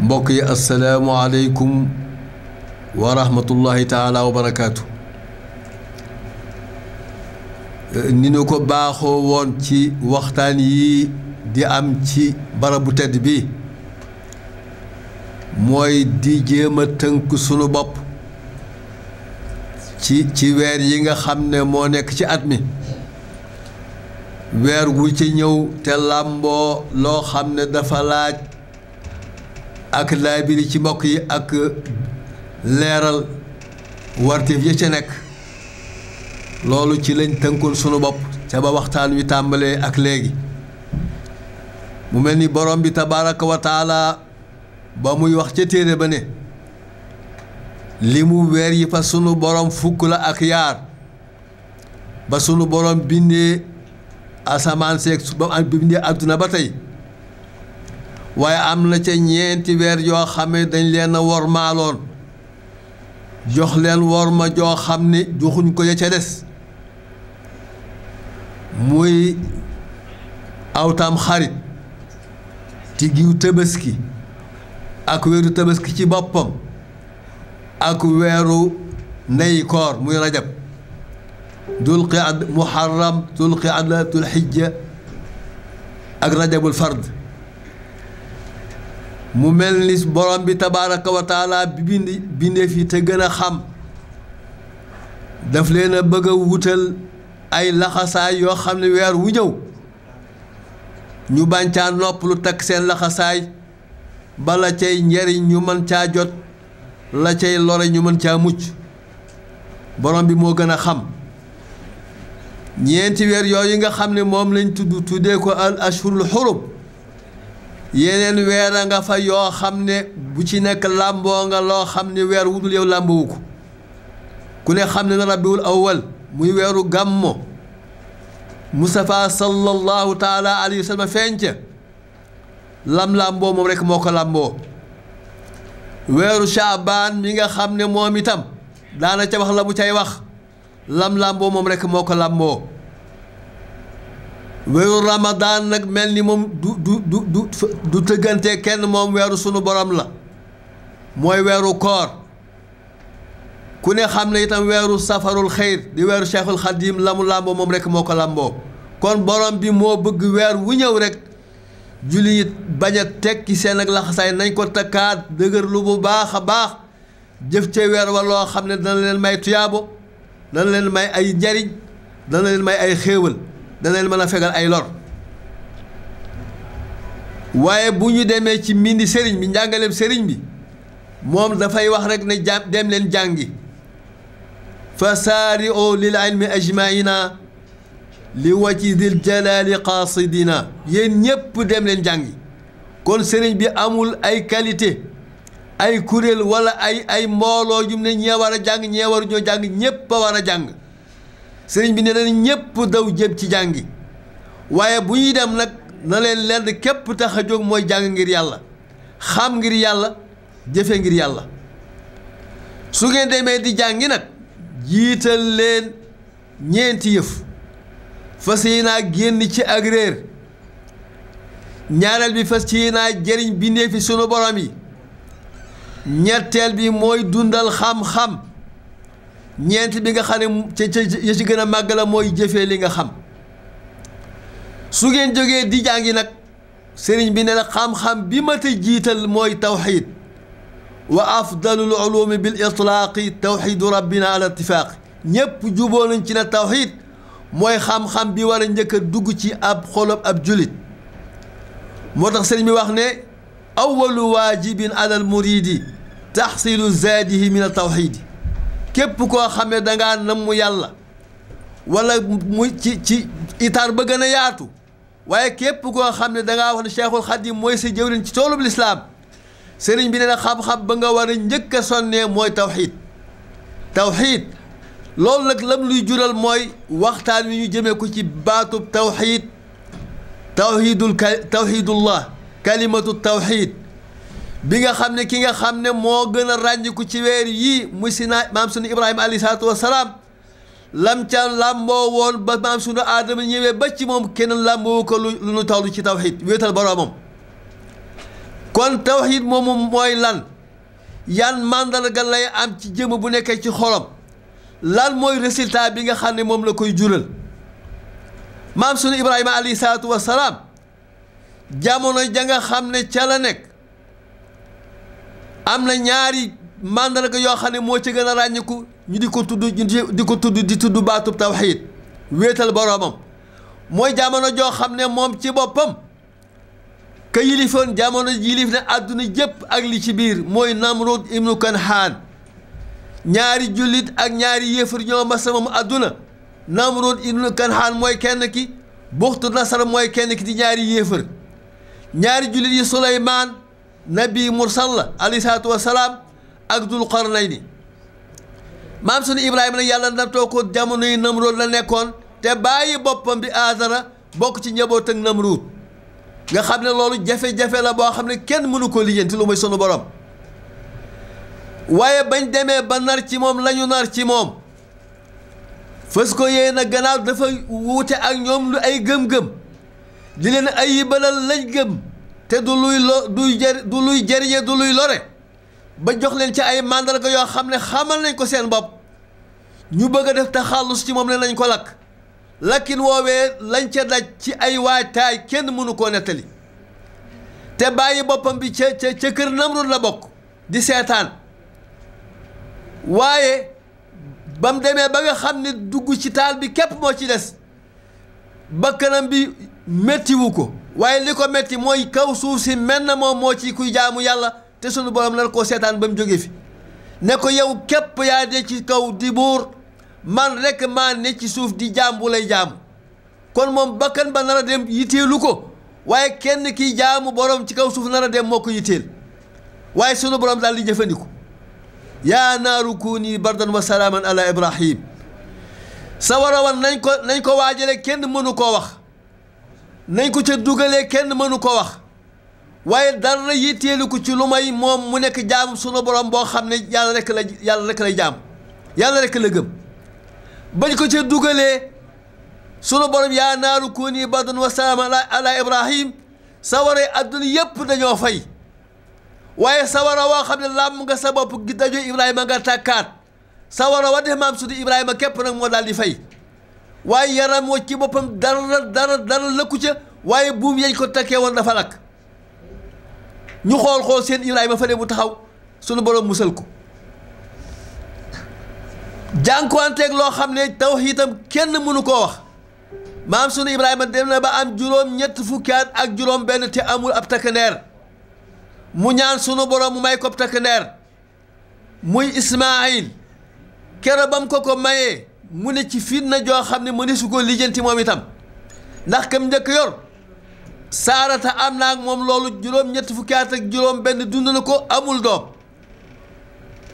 mbokk yi asalaamualeykum wa rahmatullahi taala wa barakaatu ni ñu ko baaxoo woon ci waxtaan yi di am ci barabu tedd bi mooy di jéem a tënk sunu bopp ci ci weer yi nga xam ne moo nekk ci at mi weer wu ci ñëw te làmboo loo xam ne dafa laaj ak laabiri ci mbokk yi ak leeral wartif yi ca nekk loolu ci lañ tënkoon sunu bopp ca ba waxtaan wi tàmbalee ak léegi mu mel ni borom bi tabaaraka ba muy wax ca téere ba ne li mu weer yi fa sunu borom fukk la ak yaar ba sunu boroom bindee asamaan seeg ba bindee adduna ba tey waaye am na ca ñeenti weer yoo xam ne dañ leen a wormaaloon joxleen worma joo xam ne joxuñ ko ya ca des muy awtam xarit ci giw tëbaski ak wéeru tabaski ci boppam ak weeru ndey muy rajab dul qiad muharram dul qiada ak rajabul fard mu mel ni borom bi tabaraka wa taala bi bindeef yi te gën a xam daf leen bëgg a wutal ay laxasaay yoo xam ne weer wu ñëw ñu bàncaa nopp lu takk seen laxasaay ba la cay njariñ ñu mën caa jot la cay lore ñu mën caa mucc borom bi moo gën a xam ñeenti weer yooyu nga xam ne moom lañ tudd tuddee ko al ashhurul xurum yeneen weer a nga fa yoo xam ne bu ci nekk làmboo nga loo xam ne weer wudul yow làmboowu ko ku ne xam ne na rabiul awwal muy weeru gàmmo Mustafa sallallahu taala alayhi wa sallam feeñ ca lam làmboo moom rekk moo ko làmboo weeru caabaan mi nga xam ne moom itam daana ca wax la mu cay wax lam làmboo moom rekk moo ko làmboo weeru ramadaan nag mel ni moom du du du du du tëggante kenn moom weeru sunu borom la mooy weeru koor ku ne xam ne itam weeru safarul xeyr di weeru cheikhul xadim la mu làmboo moom rekk moo ko làmboo kon borom bi moo bëgg weer wu ñëw rekk julli it bañ a tekki seen ak laxasaay nañ ko takkaat dëgër lu bu baax a baax jëf ca weer wa loo xam ne dana leen may tuyaabo dana leen may ay njariñ dana leen may ay xéewal dana leen mën a fegal ay lor waaye bu ñu demee ci mbindi sëriñ bi njàngaleem sëriñ bi moom dafay wax rek ne ja dem leen jàngi fa saari o lil ilmi ajmaina li wàcci dil jalaali qaasidina yéen ñépp dem leen jàngi kon sëriñ bi amul ay qualité ay kuréel wala ay ay mbooloo jum ne ñee a jàng ñee waru ñoo jàng ñépp a war a jàng sëriñ bi nee na ñépp daw jëm ci jàngi waaye bu ñuy dem nag na leen lenn képp tax a jóg mooy jàng ngir yàlla xam ngir yàlla jëfe ngir yàlla su ngeen demee di jàngi nag jiital leen ñeenti yëf fas yi naa génn ci ak ñaareel bi fas yi naa jëriñ bi fi sunu borom yi ñetteel bi mooy dundal xam-xam ñeent bi nga xam ne ca ci gën a màgg la mooy jëfee li nga xam su ngeen jógee di jàngi nag sëriñ bi ne la xam-xam bi ma te jiital mooy tawxid wa afdalul ulumi bil itlaaqi tawxidu rabbina ala ittifaaq ñépp juboo nañ ci na tawxid mooy xam-xam bi war a njëkk dugg ci ab xolob ab julit moo tax sëriñ bi wax ne awalu waajibin alal muridi taxsilu zaadihi min al tawxidi képp koo xam ne danga nam yàlla wala mu ci ci itaar ba gën a yaatu waaye képp koo xam ne dangaa wax ne cheikhul xadim mooy sa jëwrin ci toolub lislaam sëriñ bi ne na xam-xam ba nga war njëkk a sonnee mooy tawxid tawxid loolu nag lam luy jural mooy waxtaan wi ñu jëmee ko ci baatub tawxiid tawxiidul tawxiidullah kalimatu tawxiid bi nga xam ne ki nga xam ne moo gën a ràññiku ci weer yi muy si maam sunu Ibrahima alayhi salaatu ca làmboo woon ba maam sunu aadama ñëwee ba ci moom keneen làmboo ko lu lu nu tawlu ci tawxiid wéetal boroomam kon tawxiid moomu mooy lan yan màndarga lay am ci jëmm bu nekkee ci xolam lan mooy résultat bi nga xam ne moom la koy jural maam sunu Ibrahima alayhi salaatu wa salaam jamono ja xam ne ca la nekk am na ñaari màndarga yoo xam ne moo ci gën a ràññiku ñu di ko tudd di ko tudd di tudd baatub tawxiid wéetal boroomam mooy jamono joo xam ne moom ci boppam ka yilifoon jamono yilif ne àdduna jëpp ak li ci biir mooy Namrud ibnu Kanhaan ñaari jullit ak ñaari yéefar ñoo ma sama mu àdduna Namrud ibnu Kanhaan mooy kenn ki Buxtu Nasar mooy kenn ki di ñaari yéefar ñaari jullit yi Suleymaan nabi mursal la alayhi salaatu wasalaam ak Dul Qarnayni maam sunu Ibrahima nag yàlla na too ko jamono yi Namrud la nekkoon te bàyyi boppam bi Aazara bokk ci njaboot ak Namrud nga xam ne loolu jafe-jafe la boo xam ne kenn mënu ko lijjanti lu muy sunu borom. waaye bañ demee ba nar ci moom lañu nar ci moom fës ko yee a gannaaw dafa wuute ak ñoom lu ay gëm-gëm di leen ay yibalal lañ gëm te du luy du jër du luy jëriñe du luy lore ba jox leen ci ay màndarga yoo xam ne xamal nañ ko seen bopp ñu bëgg a def taxallus ci moom ne nañ ko lakk lakkin woowee lañ ca daj ci ay waataay kenn mënu koo nettali te bàyyi boppam bi ca ca ca kër Namrud la bokk di seetaan waaye ba mu demee ba nga xam ne dugg ci taal bi képp moo ci des bakkanam bi mettiwu ko waaye li ko métti mooy kaw suuf si mel na moom moo ci kuy jaamu yàlla te sunu borom nar koo seetaan ba mu jógee fi ne ko yow képp yaa de ci kaw di buur man rek maa ne ci suuf di jaam bu lay jaamu kon moom bakkan ba nar dem yitteelu ko waaye kenn kiy jaamu boroom ci kaw suuf nar dem moo ko yitteel waaye sunu borom daal di jëfandiku yaa naaru kuuni bardan wa salaaman ala ibrahim sawara wan nañ ko nañ ko waajale kenn mënu koo wax nañ ko ca dugalee kenn mënu ko wax waaye dara yitteelu ko ci lumay may moom mu nekk jaam sunu borom boo xam ne yàlla rek la yàlla rek lay jaam yàlla rek la bañ ko ca dugalee sunu borom yaa naaru kuuni bardan wa salaaman ala ibrahim sawara adduna yépp dañoo fay waaye sawara woo xam ne làmm nga sa bopp gi daju Ibrahima nga tàkkaat sawara wa def maam sudu Ibrahima képp nag moo daal di fay waaye yaram wa ci boppam dara dara dara lëkku ca waaye buum yañ ko takkee woon dafa lakk ñu xool xool seen Ibrahima fële bu taxaw sunu borom musal ko jànkuwanteeg loo xam ne tawxiidam kenn mënu koo wax maam sunu Ibrahima dem na ba am juróom ñett fukki at ak juróom benn te amul ab takkandeer mu ñaan sunu borom mu may ko takk ndeer muy Ismaayil kero bam ko ko mayee mu ne ci fitna joo xam ne mu ne su ko lijjanti moom itam ndax kam njëkk yor saarata am naa ak moom loolu juróom ñetti fukki at ak juróom benn dund na ko amul doom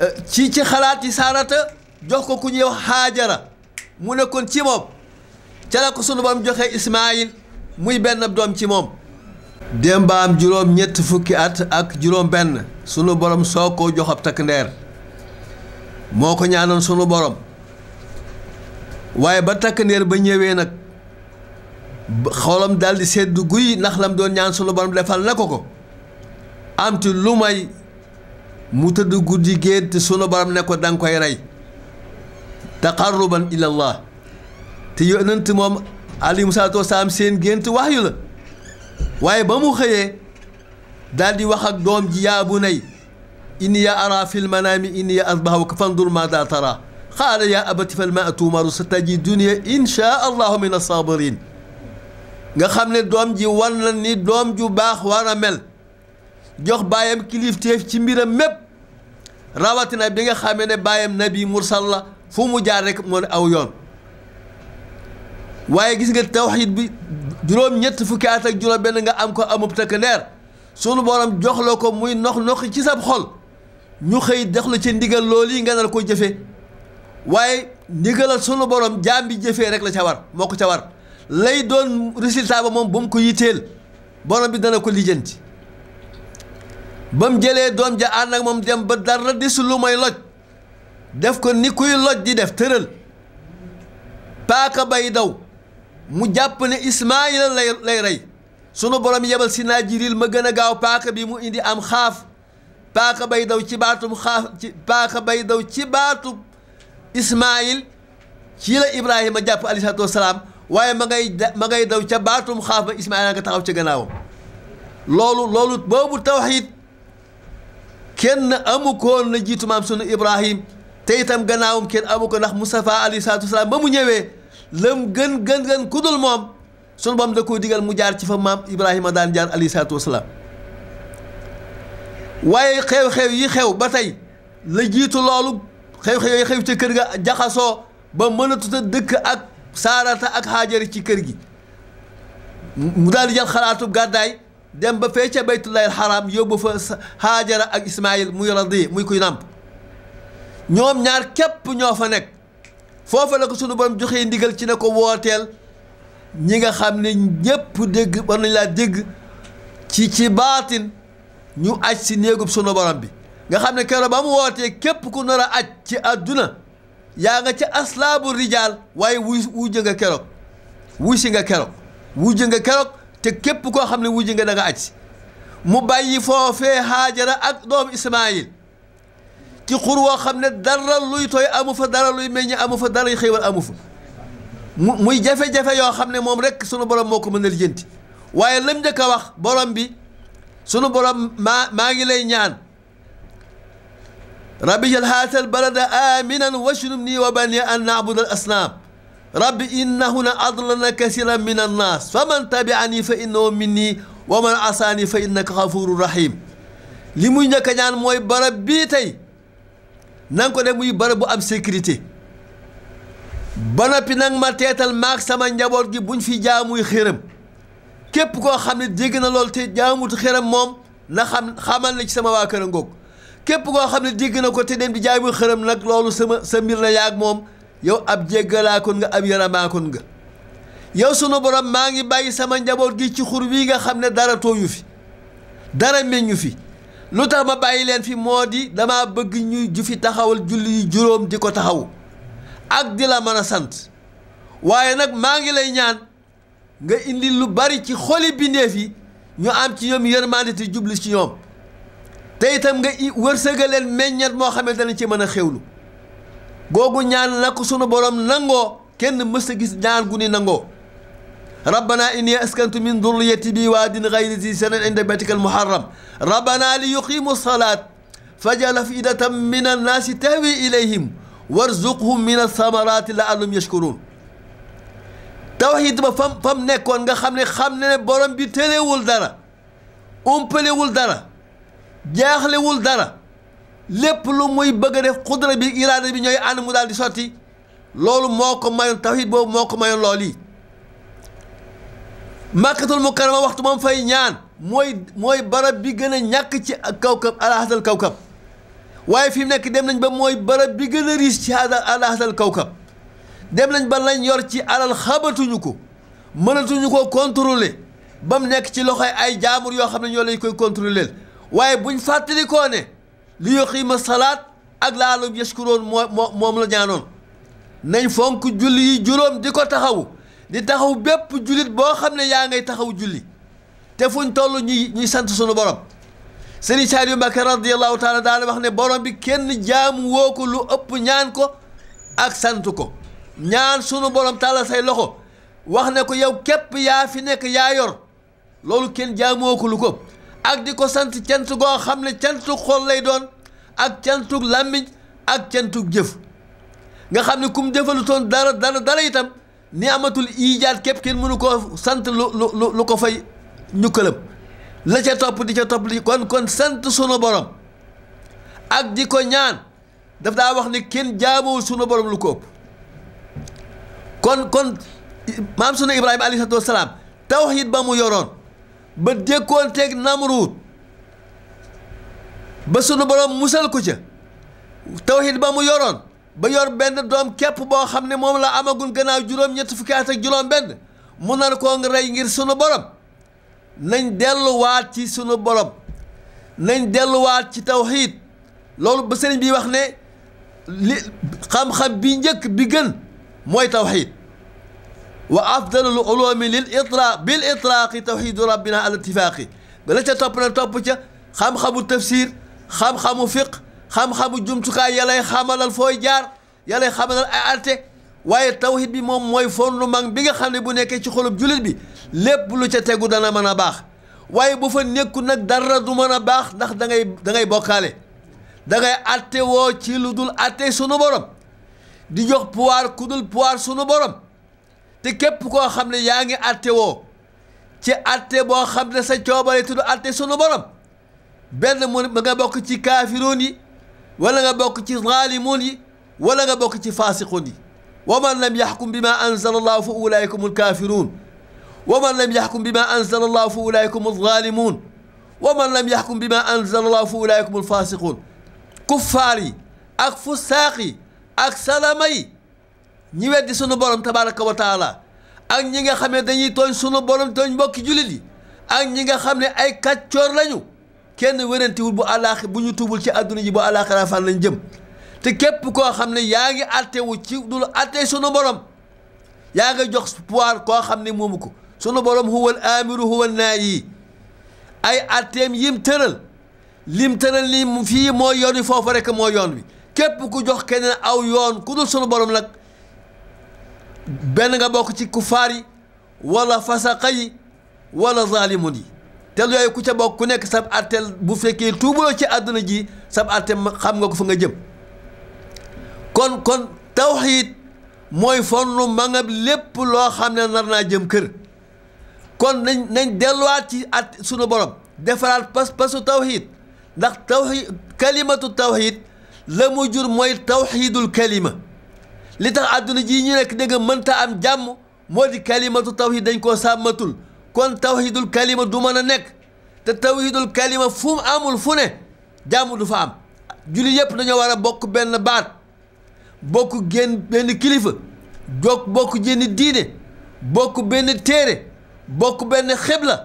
euh, ci ci xalaat yi saarata jox ko ku ñuy wax xaajara mu nekkoon ci moom ca ko sunu borom joxe Ismaayil muy benn doom ci moom Demba am juróom ñett fukki at ak juróom benn sunu borom soo ko jox ab moo ko ñaanoon sunu borom waaye ba takk ba ñëwee nag xolam daldi sedd guy ndax lam doon ñaan sunu borom defal na ko ko amti lu may mu tëdd guddi gént sunu borom ne ko da koy rey taqarruban ilallah te yonent moom alayhi salaatu wasalaam seen gént waxyu la waaye ba mu xëyee daal di wax ak doom ji yaa bunay inni ya ara fi inni ya asbahawka fandur maada tara qaala yaa abati fal ma tuumaru sa tajiduni inchaa allahu min assabirin nga xam ne doom ji war na ni doom ju baax war a mel jox baayam kilifteef ci mbiram mépp rawatina bi nga xam ne baayam nabi mursal fu mu jaar rek aw yoon waaye gis nga tawxiid bi juróom ñett fukki at ak juróom benn nga am ko amub takk ndeer sunu borom jox la ko muy nox nox ci sab xol ñu xëy dex la ci ndigal loolu yi nga nar ko jëfe waaye ndigalal sunu borom jaam bi jëfee rek la ca war moo ko ca war lay doon résultat ba moom ba mu ko yitteel borom bi dana ko lijjanti ba mu jëlee doom ja ànd ak moom dem ba dara desul lu may loj def ko ni kuy loj di def tëral paaka bay daw mu jàpp ne Ismaayil lay lay rey sunu borom yebal si naajiril ma gën a gaaw paaka bi mu indi am xaaf paaka bay daw ci baatum xaaf ci paaka bay daw ci baatu Ismaayil ci la Ibrahima jàpp alayhi salaatu waaye ma ngay daw ca baatum xaaf ba Ismaayil taxaw ca gannaawam loolu loolu boobu tawxiid kenn amu koon na jiitu maam sunu Ibrahim te itam gannaawam kenn amu ko ndax Mustafa alayhi salaatu wasalaam ba mu ñëwee. lëm gën gën gën ku dul moom sunu boom da koo digal mu jaar ci fa maam Ibrahima daan jaar alayhi salaatu wasalaam waaye xew-xew yi xew ba tey la jiitu loolu xew-xew xew ci kër ga jaxasoo ba mënatut a dëkk ak saarata ak xaajari ci kër gi mu daal di jël xalaatu gàddaay dem ba fee ca baytullahil xaraam yóbbu fa xaajara ak ismail muy radi muy kuy nàmp ñoom ñaar képp ñoo fa nekk foofa la ko sunu borom joxee ndigal ci ne ko wooteel ñi nga xam ne ñëpp dégg war nañ laa dégg ci ci baatin ñu aj si néegub sunu borom bi nga xam ne keroog ba mu wootee képp ku nar a aj ci àdduna yaa nga ca aslaabu rijaal waaye wuy wujj nga keroog wuy si nga keroog wujj nga keroog te képp koo xam ne wujj nga da nga aj si mu bàyyi foofee haajara ak doomu Ismaayil ci xur woo xam ne dara luy tooy amu fa dara luy meññ amu fa dara yu xëywal amu fa mu muy jafe-jafe yoo xam ne moom rek sunu borom moo ko mën a lijjanti waaye lam njëkk a wax borom bi sunu borom maa maa ngi lay ñaan rabbi jal haasal balada aminan washnum nii wa bani an naabudal asnaam rabbi innahunna adlalna kasiran min annaas fa man tabiani fa innahu minni wa man asaani fa innaka xafuru rahim li muy njëkk a ñaan mooy barab bii tey na nga ko def muy bërëb bu am sécurité ba noppi nag ma teetal maak sama njaboot gi buñ fi jaamuy xéram képp koo xam ne dégg na loolu te jaamut xéram moom na xam xamal na ci sama waa kër a ngoog képp koo xam ne dégg na ko te dem di jaamuy xéram nag loolu sama sa mbir la yaag moom yow ab jéggalaakoon nga ab yaramaakoon nga yow sunu borom maa ngi bàyyi sama njaboot gi ci xur wi nga xam ne dara tooyu fi dara meññu fi lu tax ma bàyyi leen fi moo di dama bëgg ñuy jufi fi taxawal julli yu juróom di ko taxaw ak di la mën a sant waaye nag maa ngi lay ñaan nga indi lu bari ci xoli bindeef yi ñu am ci ñoom yërmande te jubli ci ñoom te itam nga wërsëgaleen meññat moo xamante ne ci mën a xewlu googu ñaan na ko sunu borom nangoo kenn mës a gis ñaan gu ni nangoo rabbana inni askantu min dhurriyyati bi waadin ghayri zi zara'n inda baytika al-muharram rabbana li yuqimu s-salaat faj'al af'idatan mina n-naasi tahwi ilayhim warzuqhum mina s-samaraati la'allahum yashkuruun tawxiid ba fam fam nekkoon nga xam ne xam ne borom bi tëlewul dara umpalewul dara jaaxlewul dara lépp lu muy bëgg a def xudra bi iraada bi ñooy ànd mu daal di sotti loolu moo ko mayoon tawxiid boobu moo ko mayoon lool yi màkkatul mukarama waxtu moom fay ñaan mooy mooy barab bi gën a ñàkk ci kawkab alaxasal kawkab waaye fi mu nekk dem nañ ba mooy barab bi gën a riis ci alaxasal kawkab dem nañ ba lañ yor ci alal xabatuñu ko mënatuñu ko contrôler ba mu nekk ci loxoy ay jaamur yoo xam ne ñoo lañ koy contrôler waaye buñ fàttalikoo ne li xiima salaat ak laalum yashkuroon moo moom la ñaanoon nañ fonk julli yi juróom di ko taxawu di taxaw bépp jullit boo xam ne yaa ngay taxaw julli te fuñ toll ñuy ñuy sant sunu borom sëriñ Saaliyu Mbàkke radiyallahu taala daana wax ne borom bi kenn jaamu woo ko lu ëpp ñaan ko ak sant ko ñaan sunu borom tàllal say loxo wax ne ko yow képp yaa fi nekk yaa yor loolu kenn jaamoo ko lu ko ak di ko sant cant goo xam ne cantuk xool lay doon ak cantuk làmmiñ ak cantuk jëf nga xam ne kum jëfalu toon dara dara dara itam ni amatul ijaat képp kenn mënu ko sant lu lu lu ko fay ñukkalam la ca topp di ca topp di kon kon sant sunu borom ak di ko ñaan daf daa wax ni kenn jaamoo sunu borom lu ko ëpp kon kon maam sunu Ibrahima alayhi salaatu ba mu yoroon ba dékkoon teeg Namruud ba sunu borom musal ko ca tawxiid ba mu yoroon. ba yor benn doom képp boo xam ne moom la amaguñ gannaaw juróom-ñetti fukki at ak juróom-benn mu nar koo rey ngir sunu borom nañ delluwaat ci sunu borom nañ delluwaat ci tawxiid loolu ba sëriñ bi wax ne li xam-xam bi njëkk bi gën mooy tawxiid wa afdalul ulumi lil itlaq bil itlaaqi tawxiidu rabbina al ittifaaqi ba la ca topp na topp ca xam-xamu tafsir xam-xamu fiq xam-xamu jumtukaay yalay xamalal fooy jaar yalay xamalal ay alte waaye tawhid bi moom mooy mag bi nga xam ne bu nekkee ci xolub jullit bi lépp lu ca tegu dana mën a baax waaye bu fa nekku nag dara du mën a baax ndax dangay ngay bokkaale dangay ngay woo ci lu dul atte sunu borom di jox pouvoir ku dul pouvoir sunu borom te képp koo xam ne yaa ngi atte woo ci atte boo xam ne sa coobare tudd atte sunu borom benn mu nga bokk ci kaafiroon yi wala nga bokk ci zaalimuun yi wala nga bokk ci faasiquun yi wa man lam yaxkum bi ma anzala allahu fa ulaayikum alkaafiruun wa man lam yaxkum bi ma anzala allahu fa ulaayikum alzaalimuun wa man lam yaxkum bi ma anzala allahu fa ulaayikum alfaasiquun kuffaar yi ak fusaaq yi ak salama yi ñi weddi sunu borom tabaraka wa taala ak ñi nga xam ne dañuy tooñ sunu borom tooñ mbokki jullit yi ak ñi nga xam ne ay kàccoor lañu kenn wérantiwul bu àllaax bu ñu tuubul ci àdduna ji bu àllaaxira fan lañ jëm te képp koo xam ne yaa ngi àttewu ci dul àtte sunu borom yaa ngi jox pouvoir koo xam ne moomu ko sunu borom huwal aamiru huwal naayi ay àtteem yim tëral lim tëral li fii moo yoon wi foofu rek mooy yoon wi képp ku jox keneen aw yoon ku dul sunu borom nag benn nga bokk ci kufaar yi wala fasaqa yi wala zaalimun yi te yooyu ku ca bokk ku nekk sab artel bu fekkee tuubaloo ci àdduna ji sab artel xam nga ko fa nga jëm kon kon tawxiid mooy fonnu mangab lépp loo xam ne nar naa jëm kër kon nañ nañ delluwaat ci at sunu borom defaraat pas pasu tawxiid ndax tawxiid kalimatu tawxiid la mu jur mooy tawxiidul kalima li tax àdduna ji ñu nekk dégg mënta am jàmm moo di kalimatu tawxiid dañ koo sàmmatul kon tawhidul kalima du mën a nekk te tawhidul kalima fu mu amul fu ne jàmm du fa am julli yëpp dañoo war a bokk benn baat bokk génn benn kilifa bokk jenn diine bokk benn téere bokk benn xibla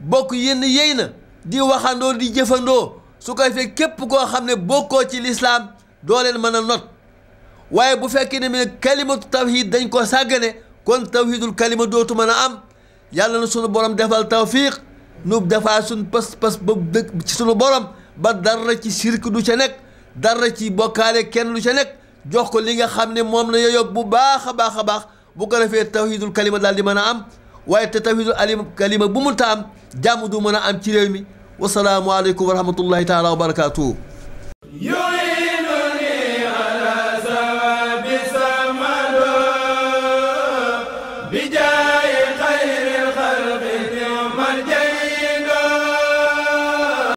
bokk yenn yey na di waxandoo di jëfandoo su koy fekk képp koo xam ne bokkoo ci lislaam doo leen mën a not waaye bu fekkee ne mi ne kalimatu tawhid dañ koo sàggane kon tawhidul kalima dootu mën a am yàlla na sunu borom defal tawfiq nu defaa suñ pas-pas ba dëkk ci sunu borom ba dara ci sirk du ca nekk dara ci bokkaale kenn lu ca nekk jox ko li nga xam ne moom la yoyob bu baax a baax a baax bu ko defee tawhidul kalima daal di mën a am waaye te tawhidul alima kalima bu mu ta am jàmm du mën a am ci réew mi wasalaamualeykum wa rahmatullahi taala wa barakaatuhu